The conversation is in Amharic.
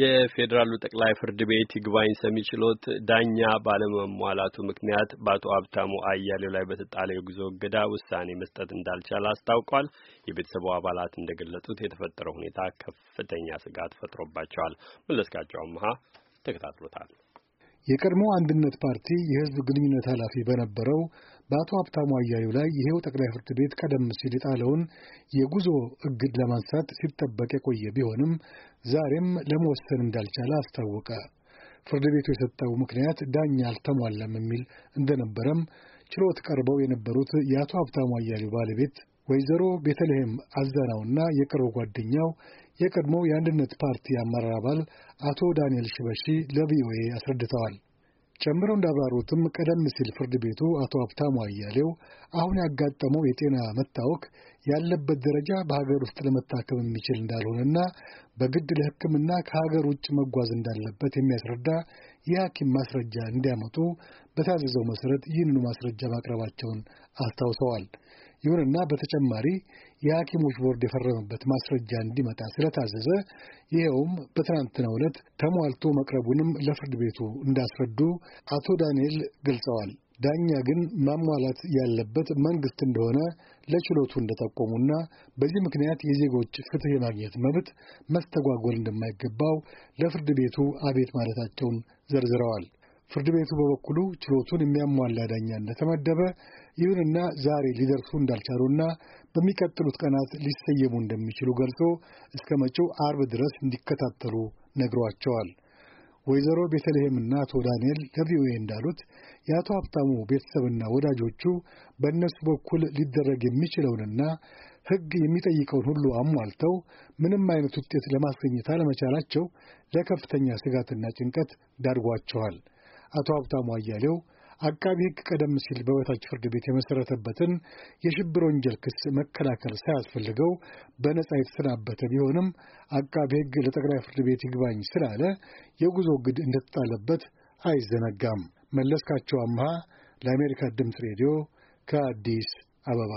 የፌዴራሉ ጠቅላይ ፍርድ ቤት ይግባኝ ሰሚ ችሎት ዳኛ ባለመሟላቱ ምክንያት በአቶ ሀብታሙ አያሌው ላይ በተጣለ የጉዞ እገዳ ውሳኔ መስጠት እንዳልቻለ አስታውቋል። የቤተሰቡ አባላት እንደገለጹት የተፈጠረው ሁኔታ ከፍተኛ ስጋት ፈጥሮባቸዋል። መለስካቸው አምሃ ተከታትሎታል። የቀድሞ አንድነት ፓርቲ የህዝብ ግንኙነት ኃላፊ በነበረው በአቶ ሀብታሙ አያሌው ላይ ይሄው ጠቅላይ ፍርድ ቤት ቀደም ሲል የጣለውን የጉዞ እግድ ለማንሳት ሲጠበቅ የቆየ ቢሆንም ዛሬም ለመወሰን እንዳልቻለ አስታወቀ። ፍርድ ቤቱ የሰጠው ምክንያት ዳኛ አልተሟላም የሚል እንደነበረም ችሎት ቀርበው የነበሩት የአቶ ሀብታሙ አያሌው ባለቤት ወይዘሮ ቤተልሔም አዘናውና የቅርብ ጓደኛው የቀድሞው የአንድነት ፓርቲ አመራር አባል አቶ ዳንኤል ሽበሺ ለቪኦኤ አስረድተዋል። ጨምረው እንዳብራሩትም ቀደም ሲል ፍርድ ቤቱ አቶ ሀብታሙ አያሌው አሁን ያጋጠመው የጤና መታወክ ያለበት ደረጃ በሀገር ውስጥ ለመታከም የሚችል እንዳልሆነና በግድ ለሕክምና ከሀገር ውጭ መጓዝ እንዳለበት የሚያስረዳ የሐኪም ማስረጃ እንዲያመጡ በታዘዘው መሠረት ይህንኑ ማስረጃ ማቅረባቸውን አስታውሰዋል። ይሁንና በተጨማሪ የሐኪሞች ቦርድ የፈረመበት ማስረጃ እንዲመጣ ስለታዘዘ ይኸውም በትናንትናው ዕለት ተሟልቶ መቅረቡንም ለፍርድ ቤቱ እንዳስረዱ አቶ ዳንኤል ገልጸዋል። ዳኛ ግን ማሟላት ያለበት መንግስት እንደሆነ ለችሎቱ እንደጠቆሙና በዚህ ምክንያት የዜጎች ፍትህ የማግኘት መብት መስተጓጎል እንደማይገባው ለፍርድ ቤቱ አቤት ማለታቸውን ዘርዝረዋል። ፍርድ ቤቱ በበኩሉ ችሎቱን የሚያሟላ ዳኛ እንደተመደበ፣ ይሁንና ዛሬ ሊደርሱ እንዳልቻሉና በሚቀጥሉት ቀናት ሊሰየሙ እንደሚችሉ ገልጾ እስከ መጪው አርብ ድረስ እንዲከታተሉ ነግሯቸዋል። ወይዘሮ ቤተልሔምና አቶ ዳንኤል ለቪኦኤ እንዳሉት የአቶ ሀብታሙ ቤተሰብና ወዳጆቹ በእነሱ በኩል ሊደረግ የሚችለውንና ሕግ የሚጠይቀውን ሁሉ አሟልተው ምንም አይነት ውጤት ለማስገኘት አለመቻላቸው ለከፍተኛ ስጋትና ጭንቀት ዳርጓቸዋል። አቶ ሀብታሙ አያሌው አቃቢ ሕግ ቀደም ሲል በበታች ፍርድ ቤት የመሰረተበትን የሽብር ወንጀል ክስ መከላከል ሳያስፈልገው በነጻ የተሰናበተ ቢሆንም አቃቢ ሕግ ለጠቅላይ ፍርድ ቤት ይግባኝ ስላለ የጉዞ ግድ እንደተጣለበት አይዘነጋም። መለስካቸው አምሃ ለአሜሪካ ድምፅ ሬዲዮ ከአዲስ አበባ